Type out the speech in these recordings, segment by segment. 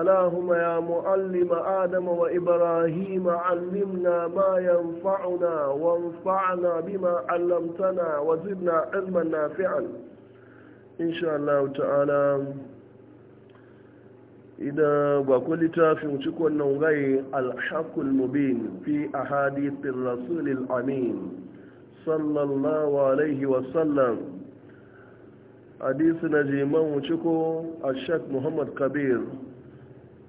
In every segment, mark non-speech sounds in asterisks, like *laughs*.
اللهم يا معلم آدم وإبراهيم علمنا ما ينفعنا وانفعنا بما علمتنا وزدنا علما نافعا إن شاء الله تعالى إذا وقلت في مشكوى غير الحق المبين في أحاديث الرسول الأمين صلى الله عليه وسلم hadisi na jiman wuce ko a shek muhammad kabir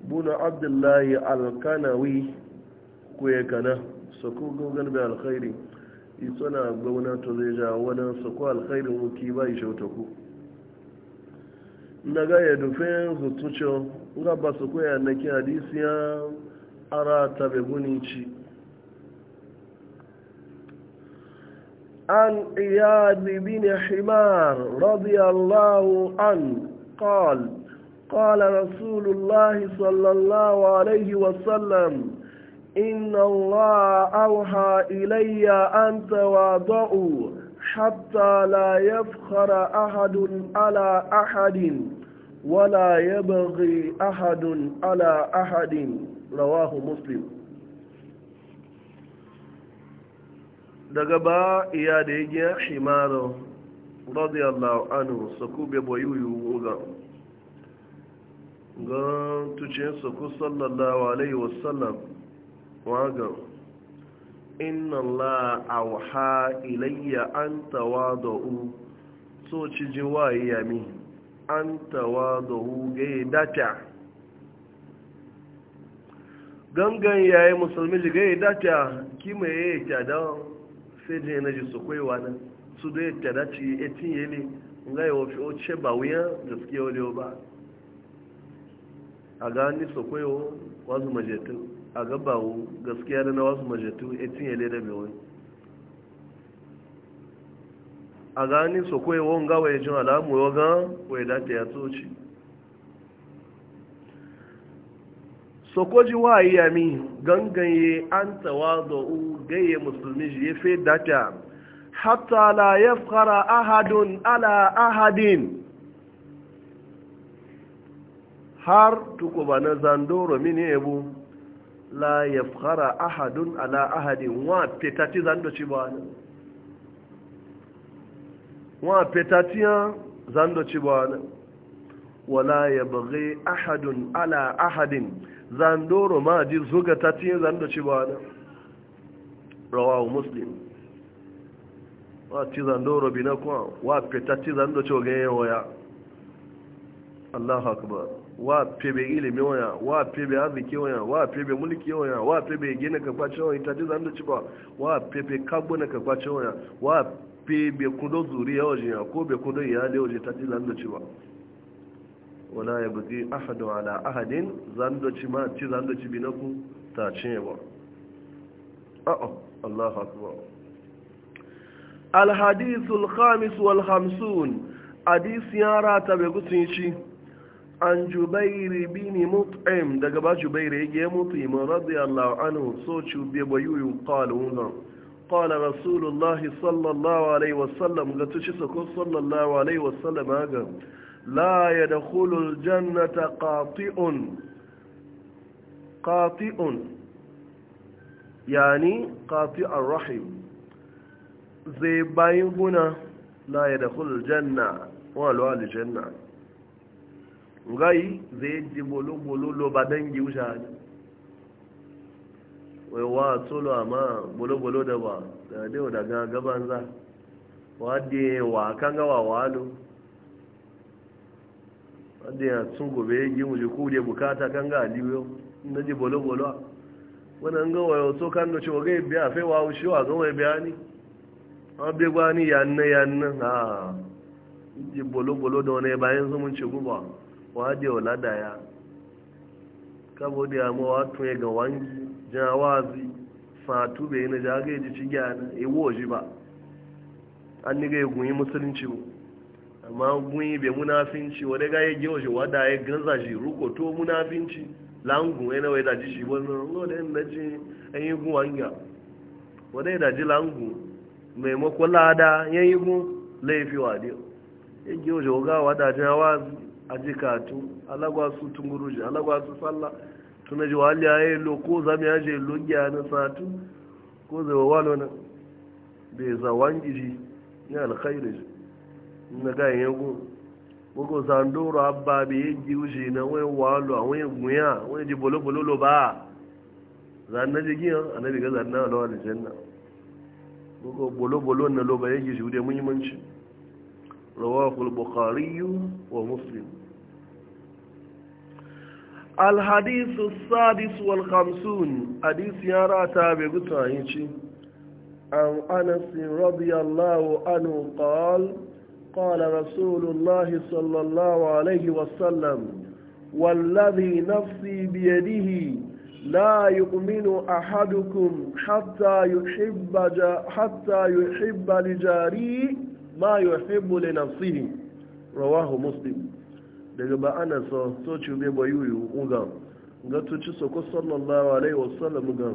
buna abdullahi alkanawi ya kana su ku gogon da alkhairi iso na gauna to zai ja wani su ku alkhairi wuki ba yi shauta ku na ga ya dufin zutucin ga ba su koya na ki hadisiya ara ta beguni ci an iyad bin himar radiyallahu an قال قال رسول الله صلى الله عليه وسلم إن الله أوحى إلي أن تواضعوا حتى لا يفخر أحد على أحد ولا يبغي أحد على أحد رواه مسلم daga ba iya da yake himarar radiyallahu anhu su kube boyu yuwu ga ga tuciyarsa ku sallallahu alaihi wasallam wagan inna Allah auha ilayya an tawadu so ci ji ya yami an tawadu ga data gangan yayi musulmi ji ga data kima ya tada sai je na ji su kwaiwa nan su da ya tada ci etin yele ngai wofi o che ba wuya gaskiya wale ba a ga ni so koyo wasu majatu a ga gaskiya da na wasu majatu e tinye le da bewo a ga ni so koyo won ga waye jin alamu yo ga waye da ya yato ci so ko ji wa iya mi gangaye an tawadu gaye musulmi ji fi data hatta la yafkhara ahadun ala ahadin har tukuba na zandoro mini ebu la ya fara ahadun ala ahadin wa petati zando ci ba na wa petati ya zando ci ba na wala ya bagi ahadun ala ahadin zandoro ma ji zuga tati zando ci ba na rawahu muslim wa ci zandoro bi na kuma wa petati zando ci ga ganyen waya Allah akbar wa pebe ilimi waya wa pebe arziki waya wa pebe mulki waya wa pebe gina ka kwace waya ita jiza da ciba wa pebe kagbona ka kwace waya wa pebe kudo ya waje ya ko be kudo iyali waje ta jiza da ciba wala ya buzi ahadu ala ahadin ci ma ci zandoci bi na ku ta cinye ba a'a ah, oh, Allah akbar al hadithul khamis wal khamsun hadith yara ta be gutsin shi an jubairi bini mut'im daga ba jubairi yake ya mutu iman radiyallahu anhu so cube bayuyin qalun qala rasulullah sallallahu alaihi wasallam ga tuci sako sallallahu alaihi wasallam ga la yadkhulul jannata qati'un qati'un yani qati'ar rahim zai bayin guna la yadkhulul janna wa alwal janna ngai zai ji bolo-bolo ba dangi wuce hajji wai wa tsolo amma bolo-bolo da ba da dewa daga gaban za wadda wa kan gawa walo wadda ya tsun gobe yi wuce ko da bukata kan ga aliyu na ji bolo-bolo wani gawa yau so kan da cewa biya fai wa wuce wa gawa biya ni an gwani yannan yannan ha ji bolo-bolo da wani bayan zumunci gubawa wade wa ya kabo da yamma tun ya e ga wangi jawazi be bai na jage eji ci gyana e ba an ni ga e gunyi musulunci mu amma be bai munafinci wadda ga ya e gina wadda ya ganza shi ruko to munafinci langun yana wai daji shi wani daji an yi gun wadda ya daji langun maimakon lada yan yi gun laifi wa wadda aji katu alagwa su tunguruji alagwa su sallah tuna ji wa ya yi lo ko zami ya je lo gya na satu ko zai wawalo na bai za wangi ji ya alkhairu ji na ga yin yago gbogbo zandoro abba bai yi ji wuce na wani walo a wani guya wani ji bolo-bolo lo ba zanna ji giyan annabi ga zanna alawa da janna gbogbo bolo-bolo na lo ba yi ji shi wuce muhimmanci rawahul bukhariyu wa muslim الحديث السادس والخمسون حديث يرى تابع تعيشي عن أنس رضي الله عنه قال قال رسول الله صلى الله عليه وسلم والذي نفسي بيده لا يؤمن أحدكم حتى يحب حتى يحب لجاريه ما يحب لنفسه رواه مسلم daga ba ana so so ci be bayuyu uga ga tuci so ko sallallahu alaihi wasallam ga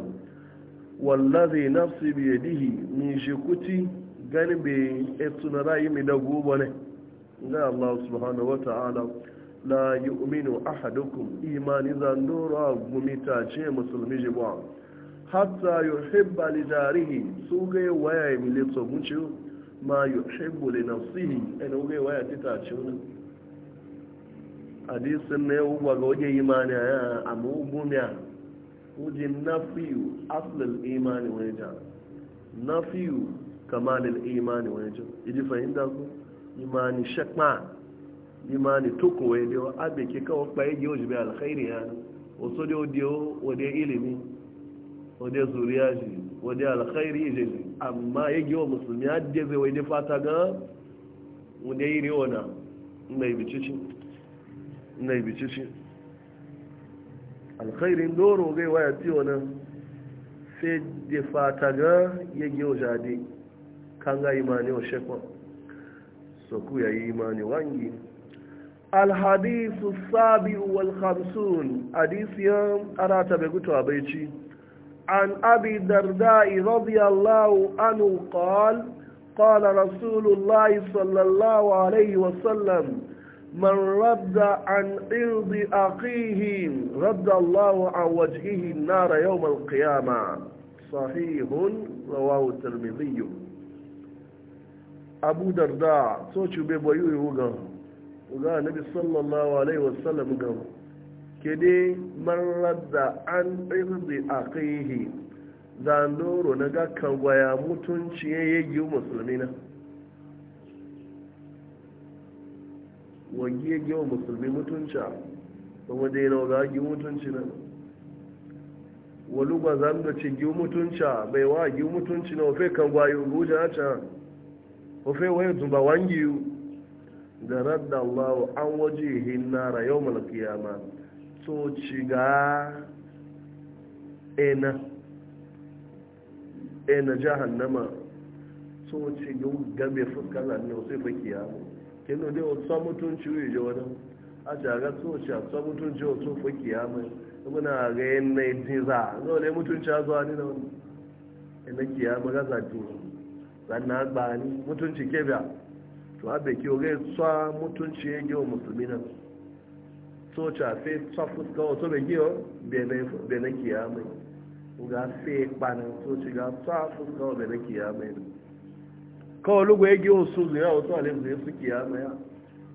wallazi nafsi bi yadihi min shikuti gani be etuna rayi mi da gubo ne ga Allah subhanahu wa ta'ala la yu'minu ahadukum imani zan dora gumita ce musulmi jibo hatta yuhibba li jarihi su ga waya mi le to mucho ma yuhibbu li nafsihi en ga waya tita ce wannan hadisin na yau ga wajen imani a amma gumiya wajen na fiyu asalin imani wani ja na fiyu kamalin imani wani ja iji fahimta ku imani shakma imani tukun wani dewa abin ke kawo kpaye ji ojibe alkhairi ya wasu da odiyo wadda ilimi wadda zuriya ji wadda alkhairi ji amma ya giwa musulmi hadde zai wadda fata ga wadda iri wana mai bicicin نيبتشي الخير دور وغي ويأتيونا في دفاتها يجي وجادي كان إيماني وشكوى سكوى إيماني وانجي الحديث السابع والخمسون حديث يوم أراتا بيكتوا بيتي عن أبي الدرداء رضي الله عنه قال قال رسول الله صلى الله عليه وسلم من رد عن عرض أخيه رد الله عن وجهه النار يوم القيامة صحيح رواه الترمذي أبو درداء سوچو بيبويو يوغا وغا النبي صلى الله عليه وسلم قال كده من رد عن عرض أخيه زاندورو نغا كان ويا متنشي يجيو مسلمين wajiyar gewa musulmi mutunca kuma dai na ga gi mutunci nan wani gwa mu da ci gi mutunca bai wa gi mutunci na wafe kan gwayo ruja na can wafe wani zuba wangi da radda Allah an waje hinnara yau malakiyama to ci ga ena ena jahannama to ci gabe fuskar ne sai fa kiyama kinu dai wasu mutunci yi wani a shaga tsoci a tsohon mutunci wasu fuki ya mai muna na za a zo ne mutunci a zuwa ni da wani ina kiyama ga zaɗi sannan ba ni mutunci ke biya to mutunci ya e giwa musulmi na kawai lugu ya giyon su zuya wasu alim zai suke ya maya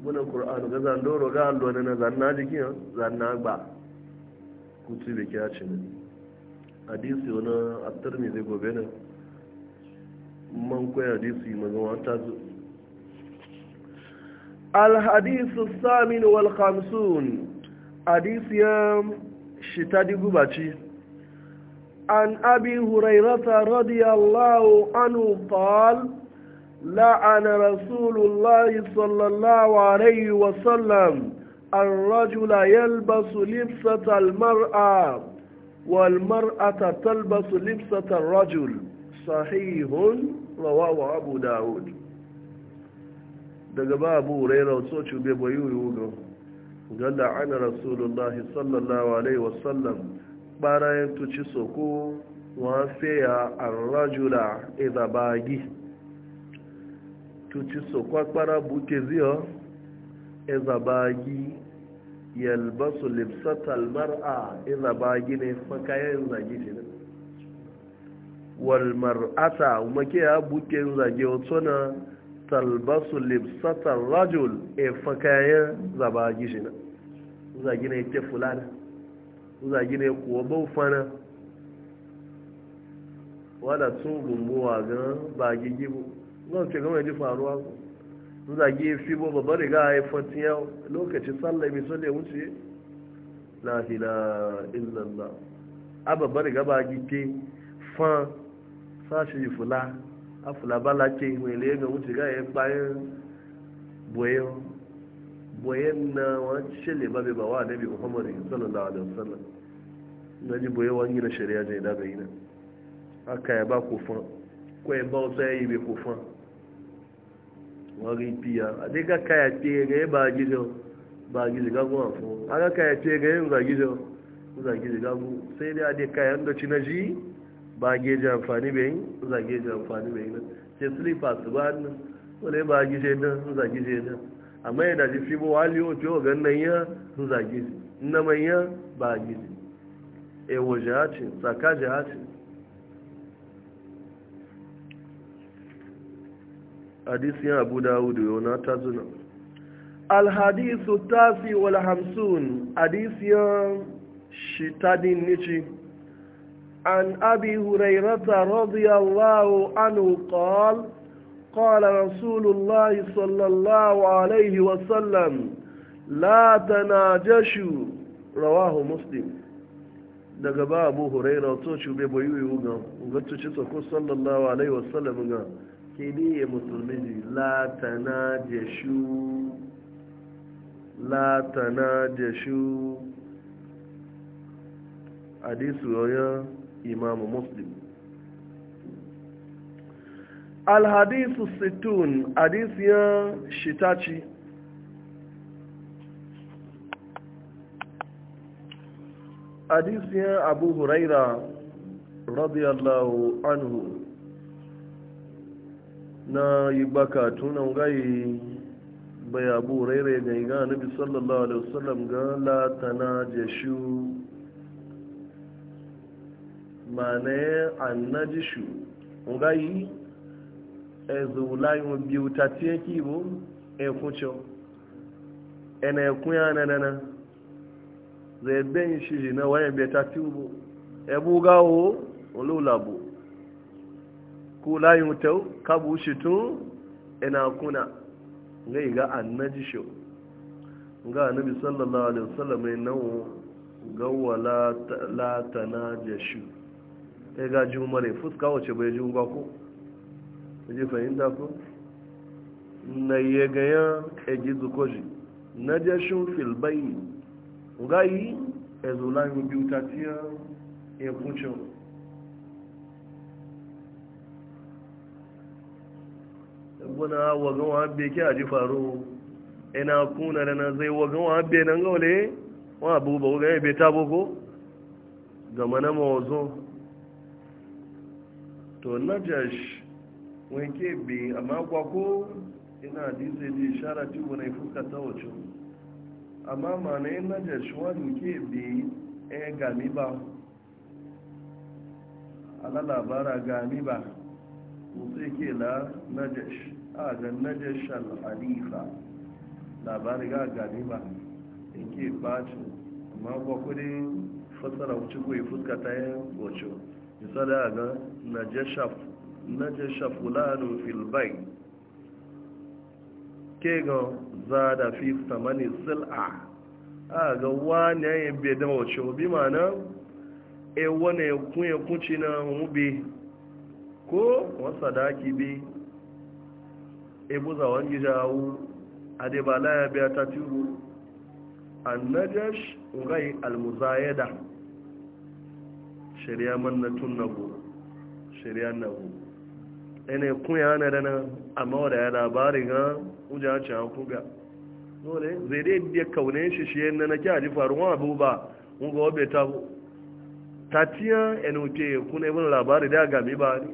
muna ƙur'an ga zandoro ga allo na zanna jikin zanna ba kutu da kya ce. ne hadisi wani attar ne zai gobe na man kwaya hadisi mazan ta zu alhadisu samin wal khamsun hadisiyan shi ta digu baci an abi hurairata radiyallahu anu qala لعن رسول الله صلى الله عليه وسلم الرجل يلبس لبسة المرأة والمرأة تلبس لبسة الرجل صحيح رواه أبو داود دقى بابو رينا وصوتوا بيبويو يوغو قال لعن رسول الله صلى الله عليه وسلم بارين تشسوكو وفيها الرجل إذا باقيه tuci sokwa kpara buke ziyo ezabagi yalbasu libsatal mar'a ezabagi ne makayen zagi ce ne wal mar'ata ke ya buke zage otona talbasu libsatal rajul e fakayen zabagi ce ne zagi ne ke fulana zagi ne kuwa baufana wadda tun gumbuwa ga bagi gibu zan ce gama ji faruwa su zage fi bo babba riga ya fatin yau lokacin sallah mai sallah wuce lahila illallah a babba riga ba gike fan sashi fula a fula ba lake mai laye ga wuce ga ya bayan boyen boyen na wani shele babe ba wa nabi muhammadu sallallahu alaihi wasallam na ji boye wa na shari'a ne da yi nan aka ya ba kofan ko ya ba wasu ya yi bai kofan wari piya a dai ga kaya ce ga ya ba gizo ba gizo ga gwa fo a ga kaya ce ga yin za gizo za gizo ga gu sai dai a dai kaya da ci na ji ba geji amfani bai za geji amfani bai nan ke slippers ba nan wale ba gizo nan za gizo nan amma yana ji fi bo wali o jo ga nan ya za gizo na manya ba gizo e wo jahacin tsaka jahacin hadisi ya abu dawud yau na ta zuna alhadisu tafi wal hamsun hadisi ya shitadin nici an abi hurairata radiyallahu anhu qal قال رسول الله صلى الله عليه وسلم لا تناجشوا رواه مسلم daga ba abu huraira to shube yi wuga ga tuci sako sallallahu alaihi wasallam ga kini ya musulmi ji latana da shu latana da shu hadisu yoyon imamu muslim alhadisu situn hadisiyan shitaci hadisiyan abu huraira radiyallahu anhu na yi baka tunan gayi bai abu raire ga iga nabi sallallahu alaihi wasallam ga latana jashu mane annajishu ngayi ezulai mu biu tatie kibo ekuncho ene ekunya nanana zeben shi na waye betatibu ebugawo bu. ko layin wutau ka bushe tun ina kuna ga iga annaji shi ga annabi sallallahu alaihi wasallam ne nan ga wala la tanajashu e ga juma ne fuska wace bai ji ba ko je fahimta ko na ye ga ya e ji zukoji najashu fil bayn ga yi biuta biutatiya e kucin buna wagan wa be ki aji faru ina kuna da na zai wagan wa be nan gole wa abu ba ebe be ta boko ga mana mawazo to najash wai ke bi amma kwa ko ina dinse ji shara ti wani fuka ta wacu amma ma na yin najash wani ke bi e gami ba ala labara gami ba musu ke la najash a ga najashal halifa labari ga gani ba yake bacin amma ba kudin fasara wuce kuwa fuska ta yi wace misali a ga najashal fulani filbai ke ga za da fi tamani sil'a a ga wani yayin bai da wace bi ma na e wane kunye kunci na mube ko wasa da ake bi Ibuza zawon gijawo a da ba laya biya ta tiru annajash rai almuzayada shari'a mannatun nago shari'a nago ene kunya na dana amma wada ya labarin ha uja ci an kuga dole zai dai da kaune shi shi yana na kya ji faruwa abu ba mun ga wabe ta tatiya ene uke kuna ibn labari da gami ba ne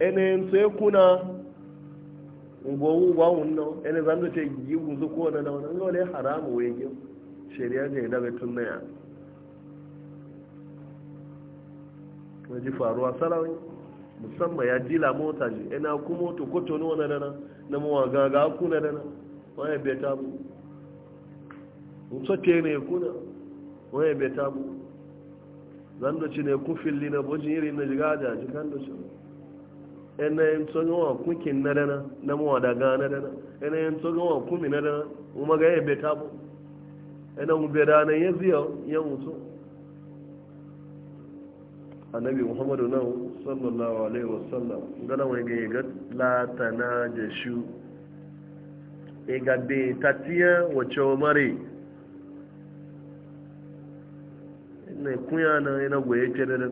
ene sai kuna gowu ba wunno ene zan te yi wuzu ko na da wannan gole haramu wai gi shari'a ga daga tunna ya waje faruwa sarawai musamman ya dila mota ji Ena ku moto ko tono na dana na mawa gaga ku na dana wani beta mu mutsote ne kuna wani beta mu zan da ci ne ku filli na bojin irin na jiga da jikan da shi yanayin tsogon wa kukin na dana na mawa daga na dana yanayin tsogon wa kumi na dana kuma ga yabe tabo yana mube na ya ziya ya mutu annabi muhammadu na sallallahu alaihi wasallam gana wani ga yaga latana da shu ya gabe tatiya wacce mare na kunya na yana goye ce na dana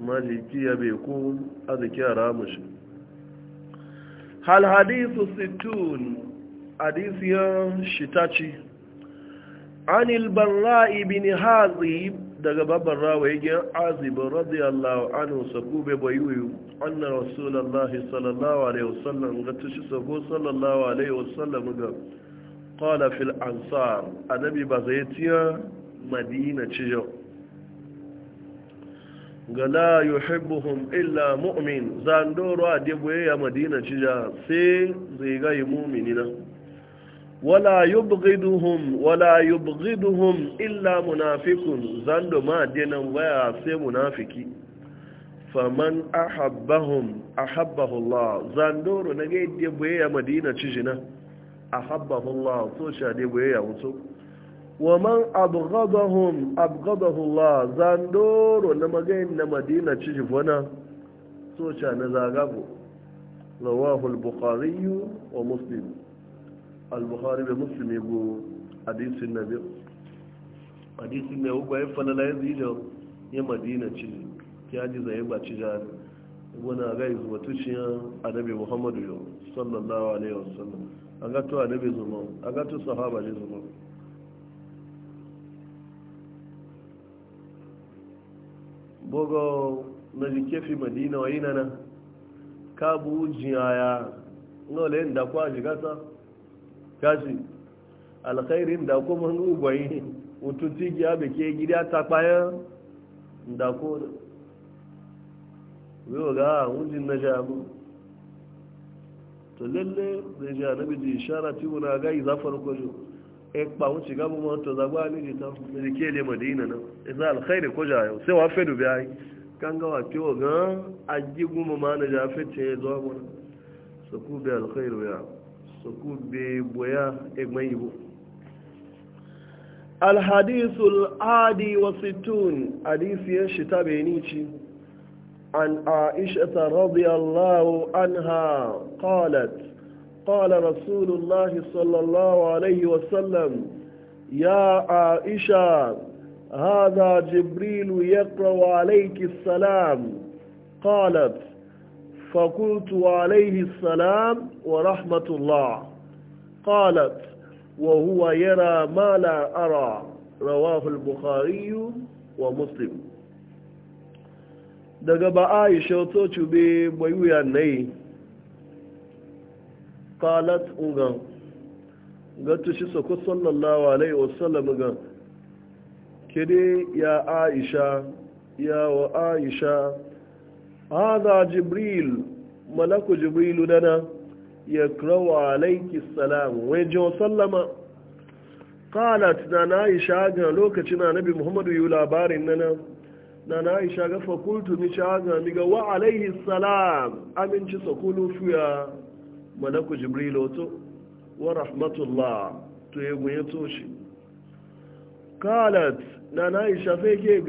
maliki ya bai ku arziki ramushi hal hadisu situn hadisiyar shitaci anil barra'i bin hazib daga babban rawayen azibin radiyallahu anhu sabu bai bayuyu annar rasulallah sallallahu alaihi wasallam ga tushi sabo sallallahu alaihi wasallam ga qala fil ansar annabi ba zai tiya madina cijo ga la yuhibbuhum illa mu'min zan doro a dibuye ya madina ja sai zai ga yi mu'minina wala yubghiduhum wala yubghiduhum illa munafiqun zan do ma denan waya sai munafiki faman ahabbahum ahabbahu Allah zan doro na ga dibuye ya madina cijina ahabbahu Allah so sha dibuye ya mutu wa man abghadahum abghadahu Allah zandoro na magayin na Madina ci jifona so cha na zagabo rawahu al-bukhari wa muslim al-bukhari da muslim go hadisin nabi hadisin ne ugo ya fana la yanzu da ya Madina ci ya ji zai ba ci jar gona ga izu a annabi Muhammadu sallallahu alaihi wasallam aga to annabi zuma aga to sahaba ne zuma bogo na jikefi madina wa yina na ka bu jiyaya ngo le nda kwa jigata kashi alkhairi nda ko mun ugwayi ututi gi abe ke gida ta paya nda ko yo ga unjin na jabu to lalle da ja nabi di ishara ti wona ga izafar ko jo ipa un shiga bu mọ́tọ̀ zagba níjì tán nìkí ilé madina náà ìsá alkhairi kọjá yau sai wa fẹ́ dubi ayi kan tí ó gan ajigun mọ́ máa nàjà fẹ́ tiẹ̀ ya zuwa e shi ta an aishata radiyallahu anha qalat قال رسول الله صلى الله عليه وسلم يا عائشة هذا جبريل يقرأ عليك السلام قالت فقلت عليه السلام ورحمة الله قالت وهو يرى ما لا أرى رواه البخاري ومسلم دقب عائشة aisha to cube qalat ungan gatu shi sako sallallahu alaihi wasallam ga kede ya aisha ya wa aisha hadha jibril malaku jibril lana yakrawu alayki salam wajen sallama qalat na aisha ga lokacin annabi muhammadu yu labarin nana na aisha ga fakultu ni shaga mi alaihi salam aminci sakulu fiya malaku jibril oto wa rahmatullah to ya gunye toshi kalat na na isha fake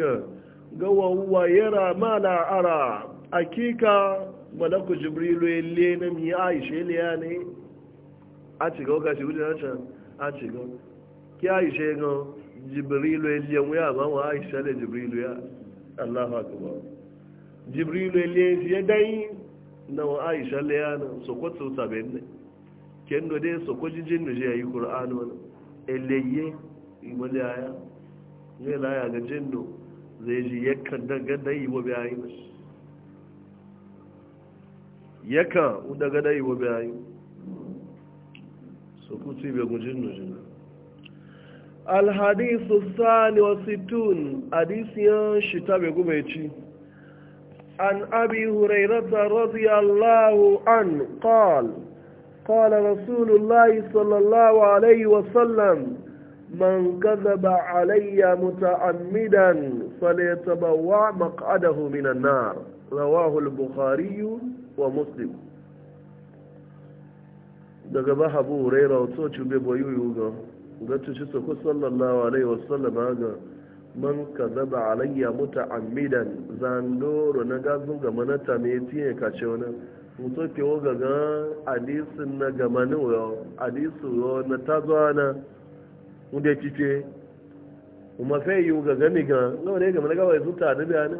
ga wa uwa yara ma na ara akika malaku jibril ya ile na mi aisha ile ya ne a ci ga okashi na acha a ci ga ki aisha ga jibril ya le mu ya ba wa aisha le jibril ya allahu akbar jibril ya ile ya dai na wa aisha layana sokoto tabenne kendo de sokoji jinnu je yi qur'an wala eleye ibole aya ne la ya ga jinnu zai ji yakan daga dai wo bayi yaka daga dai wo bayi sokoto be gunjinnu jinnu الحديث الثاني والستون حديث ينشي تابع قبيتي عن أبي هريرة رضي الله عنه قال قال رسول الله صلى الله عليه وسلم من كذب علي متعمدا فليتبوع مقعده من النار رواه البخاري ومسلم daga ba هريرة huraira wato cube وقالت yuga ga tuci sako sallallahu alaihi wasallam ga man ka zaba alayya muta amidan zandoro na gazun ga manata mai tiye ka ce wani mutu ke wo gaga adisin na gamani wo adisu wo na zuwa na wunde kike kuma fai yi gaga ni ga nawa ne gamani ga wai zuta da biya ne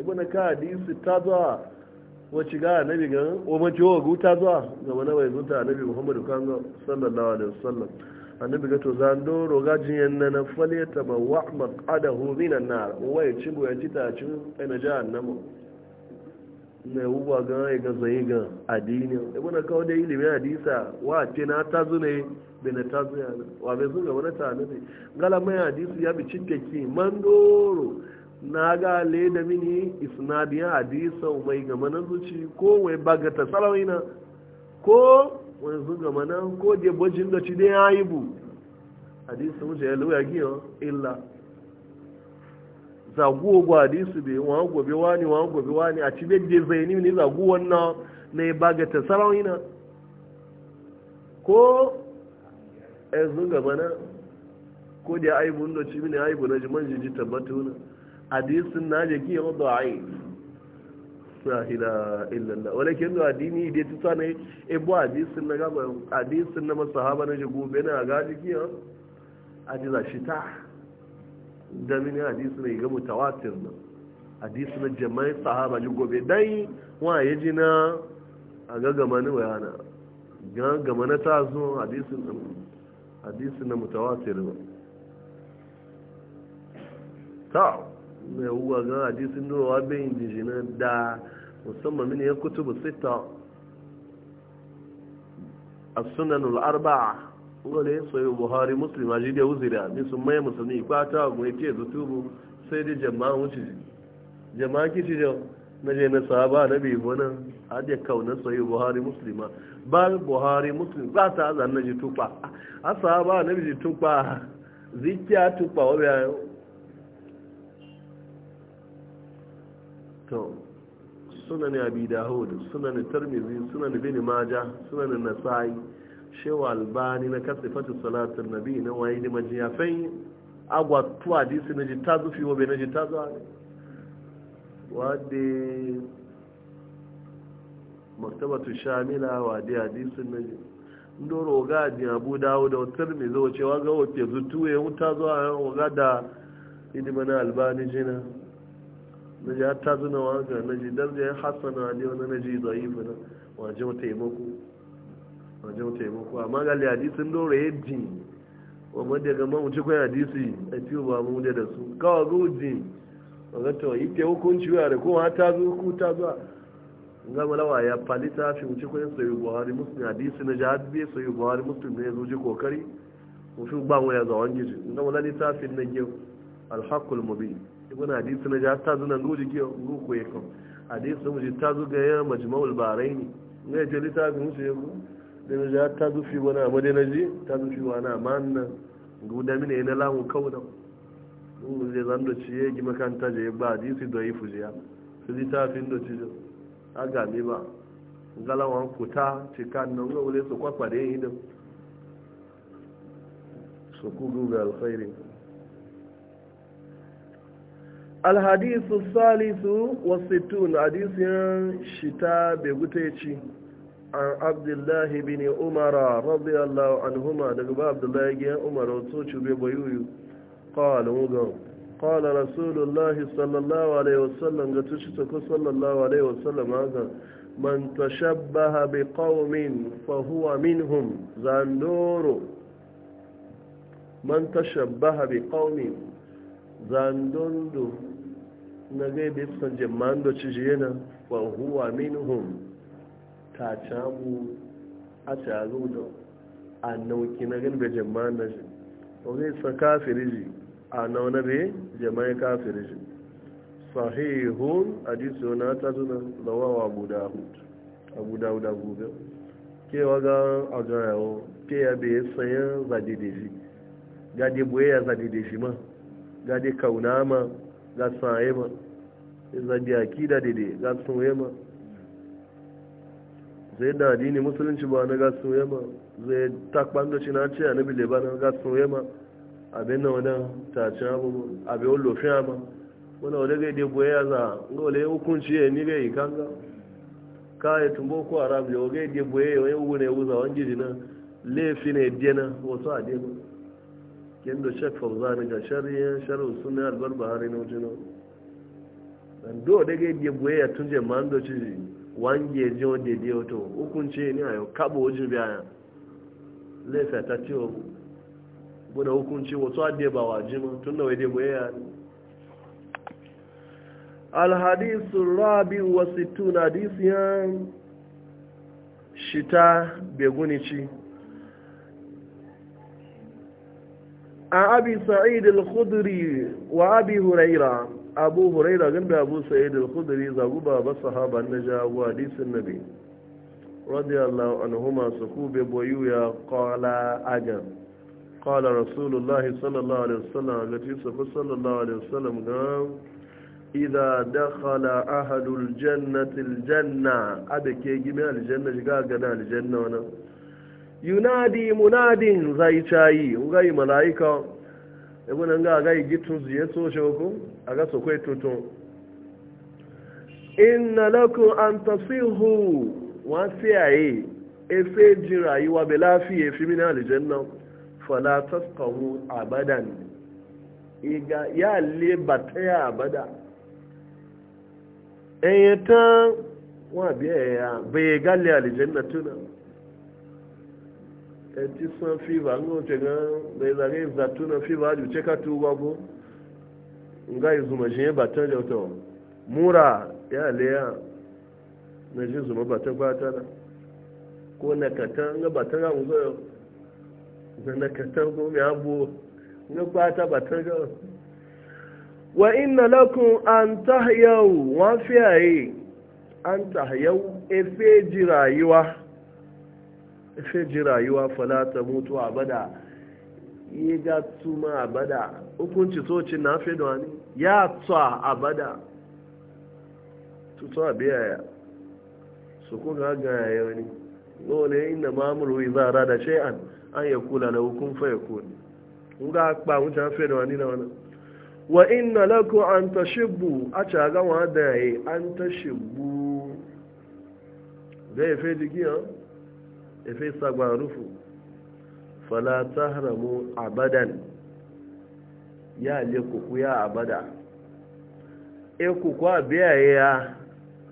ibo na ka ta zuwa wacce ga nabi ga o mace wo ta zuwa wa yanzu zuta nabi muhammadu kan sallallahu alaihi wasallam annabi ga to zando roga jiyan nan fale ta ba wa hobi na nar wa ya bu ya jita cin ina jahannama ne uba ga ya ga zai ga adini ibn kawo da ilimin hadisa wa ce na tazu ne ta tazu na. wa bai zuga wani ta ne gala mai hadisu ya bi cikkeki man doro na ga le da mini isnadiyan hadisa mai na zuci ko wai bagata salawina ko wanzu ga mana ko je bojin da ci dai yayi bu hadisi mu je lawa giyo illa zaguwa gwa hadisi be wa gobe wani wa gobe wani a ci bedde zaini ni zagu na ne baga ta sarawina ko yanzu e ga mana ko da aibun da ci mini aibu na jiman jiji tabbatu na hadisin na je giyo da'if sahila ilaha illallah walakin da addini dai tuta ne e eh, bo hadisin na gaba hadisin na masahaba na jigo be na ga jiki ha shi ta da mini hadisi ne ga mutawatir na hadisi na jama'i sahaba jigo be dai wa yaji na a ga gama ni wayana ga gama na ta zo hadisin hadisin na mutawatir ta mai huwa ga hadisin durowa bayin jijina da musamman mini ya kutubu sita a sunan al'arba'a wale soyi buhari muslim ji jidiyar wuzira ni sun maye musulmi kwata mu ya ce zutubu sai dai jama'a wuce jama'a kici jau na je na sahaba na bi wani hadiyar kaunar soyi buhari muslima ba buhari muslim za ta azan na ji tukpa a sahaba na bi ji tukpa zikiya tukpa wabi to sunan abi dahud sunan tirmidhi sunan ibn majah sunan nasai shewa albani na kasifatu salatin nabi na wayi da majiyafai agwa tu hadisi na jitazu fi wa na jitazu wadi maktabatu shamila wadi hadisin na ndoro ga di abu dawud da tirmidhi wace wa ga wace zutuwe mutazo a ga da idimana albani jina na ji hatta zuna wanga na ji darja ya hasana ne wani na ji zaifu na wajen taimako wajen taimako amma ga hadisin dore ya ji wa madda ga mamu cikin hadisi a ciwo ba mu da su kawai ga ujin wanda ta yi ke hukunci wa da kowa ta zo ku ta zo ga malawa ya falita shi mu cikin sayi buhari muslim hadisi na jihad bai sayi buhari muslim ne zo ji kokari mu fi ba mu ya zawon gizi ga malali tafin na gyau alhaqul mubin ibn hadisi na ja ta zuna nguji ke ruku ya kan hadisi mu ji ta zu ga ya majma'ul baraini ne je litafin su ya ku da na ja ta zufi fi wani amma dai na ji ta zufi fi wani amma nan guda mine na lamu kauda mu zai zan do ci ya gi makanta je ba hadisi da yi fujiya su litafin do ci a gami ba galawan kuta cika nan ga wule su kwakware idan su ku ga alkhairi alhadisu salisu wasu tun hadisin shita bai ci. an abdullahi bin umara radiyallahu anhuma daga ba abdullahi giyan umara wato cube bayuyu kawalin wugan kawalin rasulullahi sallallahu alaihi wasallam ga tushe tako sallallahu alaihi wasallam haka man tashabbaha bi qaumin fa huwa minhum zandoro man tashabbaha bi qaumin zandondo na gaibe sun jimman da ci shi yana wa huwa ta camu a caru da a nauki na gaibe jimman da shi o zai sa kafiri ji a nauna da jama'i kafiri ji sahihun hadisi wani ta zuna lawawa abu dawud abu dawud abu biyu kewa ga ajayawo ke ya bai sayan zadideji gadi boye ya zadideji ma gadi kauna ma ga san yema zabi akida dede ga sun zai da musulunci ba na sun zai da cina ce a nabi lebanon ga sun yema abin na wadda ta abu abin olofin ama wani wadda ga ide boye za ga wale hukunci ya ni yi kanga ka ya tumbo ko arab ya ga boye ya wani wuza wani na laifi wasu kin da shek fauzani ga shari'a sun sunna albar bahari na wajen dan do da ga yadda boye ya tunje man do ci wange ji o de de hukunci ne a yau kaɓo wajen biya le fa ta ce wa buna hukunci wato ade ba ma tun da wade boye ya الحديث الرابع والستون حديث shita begunici abi sa'id al-khudri wa abi huraira abu huraira ganda abu sa'id al-khudri za guba ba sahaba annaja wa hadisin nabi radiyallahu anhuma su kube boyu ya qala aga qala rasulullahi sallallahu alaihi wasallam ga tisa fa sallallahu alaihi wasallam ga idza dakhala ahadul jannati al-janna abake gimi al-janna ga ga na al-janna yunadi munadin zai cayi ngai malaika ebo na nga agai gitun zuye so shoko aga so kwe tuto inna lakum an tasihu wa fi'i efe jirayi wa belafi efi min alijanna fala tasqahu abadan iga ya le bataya abada eyetan wa biya ya bai galle aljanna tuna ti san fiva nga ga da ya na fiva a juce ka tuba ko nga yi zuma shi ba ta mura ya na shi zuma ba ta ko na kata nga ba ta ga na na kata ko mi abu nga bata ba ta ga wa inna lakum an tahyau wa fiyaye an tahyau efe ji rayuwa ife ji rayuwa falata mutu abada yi ga tuma abada hukunci soci na fi da wani ya tsa abada tutuwa biyaya su kuka gaya wani lole inda mamuru zara da shi an ya kula na hukun fa ya n ga kpa wuce fi da wani na wani wa inna lako an ta shibbu a caga wa da ya yi an ta shibbu zai fi jigiyan ife sagba rufu fala tahramu abadan ya le kuku ya abada e kuku a biyaye ya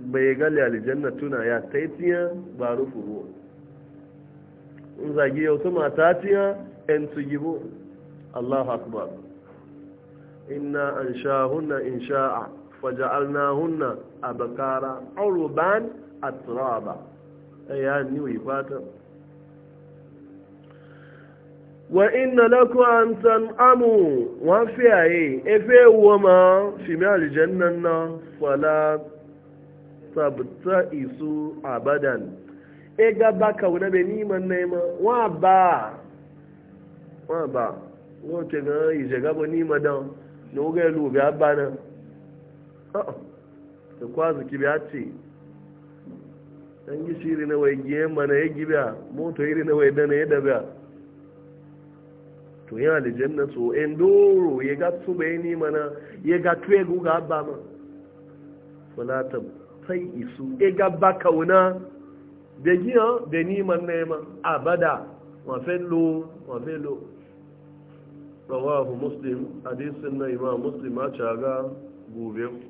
bai gali aljanna tuna ya taitiya ba rufu ruwa in zagi yau tuma tiya yan tugibo allahu akbar ina an hunna in sha'a faja'alnahunna abakara uruban ba. E ya ni fata? wa inna lakum an tan'amu wa fi aye efe wo ma fi mi aljannan na fala tabta isu abadan e ga ba ka wona be ni man ne ma wa ba wa ba wo te ga ije ga bo ni ma dan no ga lu ga ba na ah to kwazu ki biya ce dan gishiri na wai giye mana ya gibiya moto iri na wai dana ya dabiya to yana da jannan so in doro ya ga su bai ni mana ya ga tuye guga ba ma salata sai isu ya ga ba kauna da giya da ni man ne ma abada wa fello wa rawahu muslim hadisin na imam muslim a caga gobe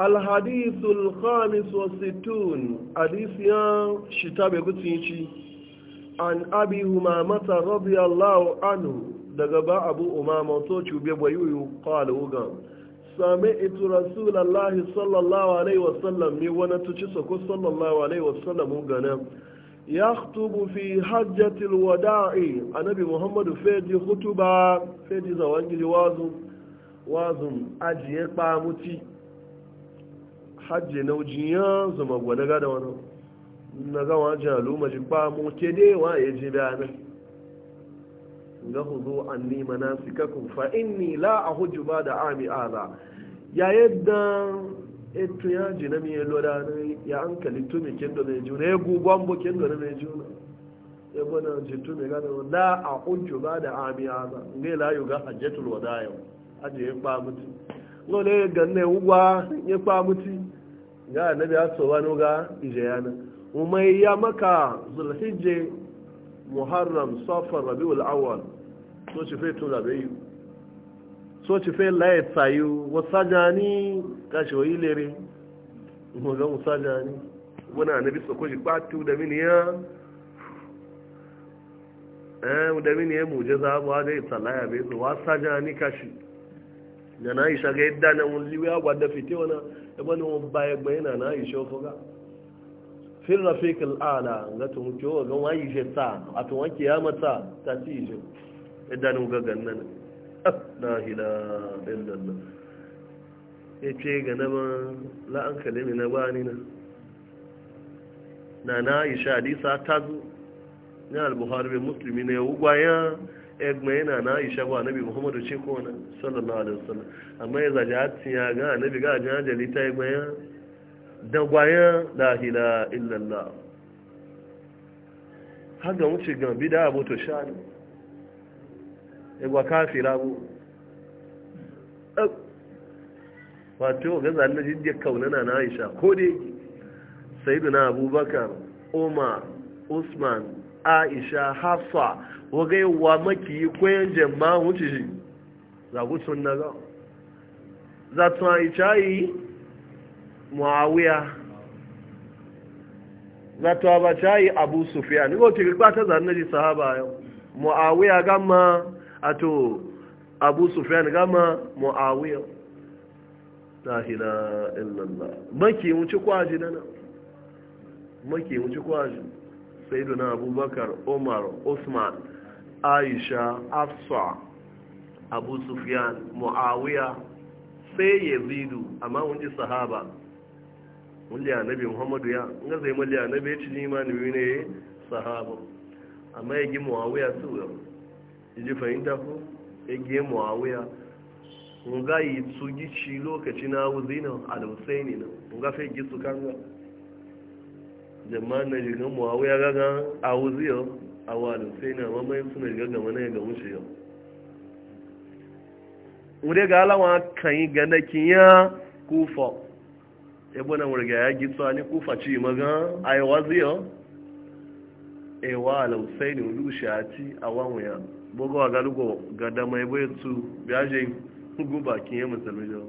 الحديث الخامس والستون حديث يا شتاب يقول عن أبي همامة رضي الله عنه دقباء أبو أمامة توتشو بيبويو قال وقام سمعت رسول الله صلى الله عليه وسلم نيوانا تشسكو صلى الله عليه وسلم وقام يخطب في حجة الوداع أبي محمد فيدي خطبة فيدي زوانجي وازم وازم أجيب متي hajji na ya zama gwada gada wani na gawa jin al'umma ji ba mu ke dewa ya ji bayanan ga hudu an nima na sikakun fa inni la a hujju da ami aza ya yadda etu ya ji na miye lura na ya an kalittu mai kendo mai juna ya gugon bu kendo na mai juna ya gwana jitu mai gada la a hujju da ami aza ne la yi ga hajjatul wada yau ajiye ba mutu lọ́lẹ́ gannẹ̀ wúwa yẹpa mutí ga annabi ya so wani ga ijeyana umai ya maka zulhijje muharram safar rabiul awwal so ci fe to zabe yi so ci fe laye tsayu wasajani kashi wa ilere mu ga wasajani wani annabi so ko ji batu da mini eh da mini ya mujiza ba da tsalaya be wasajani kashi yana isha ga yadda na mun liwa gwada fite wannan ẹgbẹ́ ni wọ́n bá ẹgbẹ́ iná náà yìí ṣe ọ̀fọ́gá fọ́gá fíkì àlà nga tó ń kí ó gan wáyé àti kì í ama ta tàbí ti iṣẹ́ gàgà dání wọn gangan nan láhìlá ẹlẹ́lẹ́ ya ce ga na ban na bani na na ta zo egbe yana na aisha ba anabi muhammadu ce ko na sallallahu alaihi wasallam amma ya zaji hatin ya ga nabi ga ajiyar ajali ta egbe ya da gwaya illallah har da wuce gan bida abu to sha ne egwa kafira bu wato ga zanen jidiyar kaunana na aisha ko dai sayidu na abubakar umar usman aisha hafsa wagai wa maki koyan jemma wuce shi zagu na ga za tu a icayi muawiya za tu a bacayi abu sufiya ni gauci rikpa ta zanen ji sahaba yau muawiya gama a to abu sufiya gama muawiya la illallah maki wuce kwaji na maki wuce kwaji sai duna abubakar Omar, Osman. aisha afsa abu sufyan muawiya sai yazidu amma wani sahaba wani annabi muhammadu ya nga zai mali annabi ya ci nima ne sahaba amma ya gi muawiya su yau ji fahimta ko ya gi muawiya nga yi su gici lokaci na wuzina al-husaini na nga fai gi su kanga jama'a na jirgin muawiya gaga a wuziyo awalin sai na mamayin suna gaga na ga musu yau wuri ga alawa kan yi ga nakin kufa ebe na wurga ya gitsa ni kufa ci maga aiwa yau ewa alausai ne wuri shi a ci a wanwuya bugawa ga lugo ga dama ya tu su biyaje hugu *laughs* bakin musulmi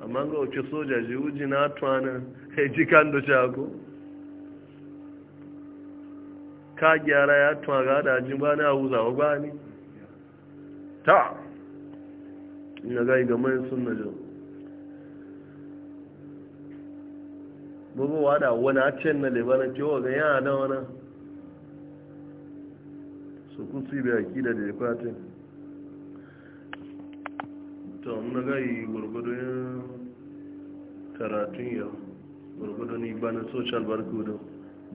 amma ga wace soja ji wuji na tuwanin ya *laughs* e ji kan ka gyara ya tuwa ga dajin ba na huzawa ba ne ta ina ga igamayin suna jau babu wada wani a can na lebanon cewa ga yana da wani su kusi da yaki da jekwatin ta na ga yi gwargwadon karatun yau gwargwadon ibanin social barcode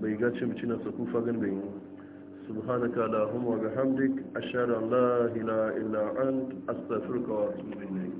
bai ga cimci na saku fagen bai yi subhanaka lahumma ga hamdik ashara la ila ila an astafirka wa su